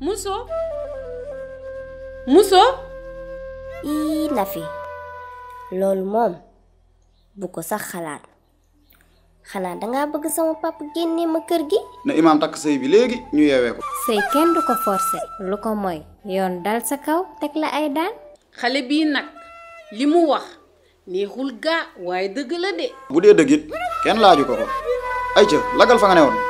Mousso Mousso ii fi loolu moom bu ko sax xalaat xanaa dangaa bëgg sama papa génnee ma kër gi na imaam takk sëy bi léegi ñu yeewee ko sëy kenn du ko forcé lu ko mooy yoon dal sa kaw teg la ay daan xale bii nag li mu wax neexul gaa waaye dëgg la de bu dee dëggit kenn laaju ko ko ay ca lagal fa nga ne woon